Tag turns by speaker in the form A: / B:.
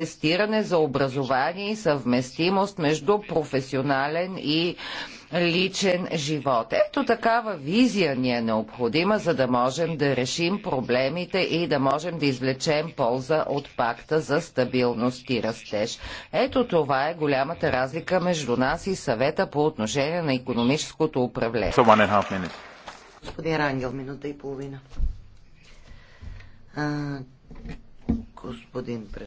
A: тестиране за образование и съвместимост между професионален и личен живот. Ето такава визия ни е необходима, за да можем да решим проблемите и да можем да извлечем полза от пакта за стабилност и растеж. Ето това е голямата разлика между нас и съвета по отношение на економическото управление. Господин
B: Рангел, минута и половина. А, господин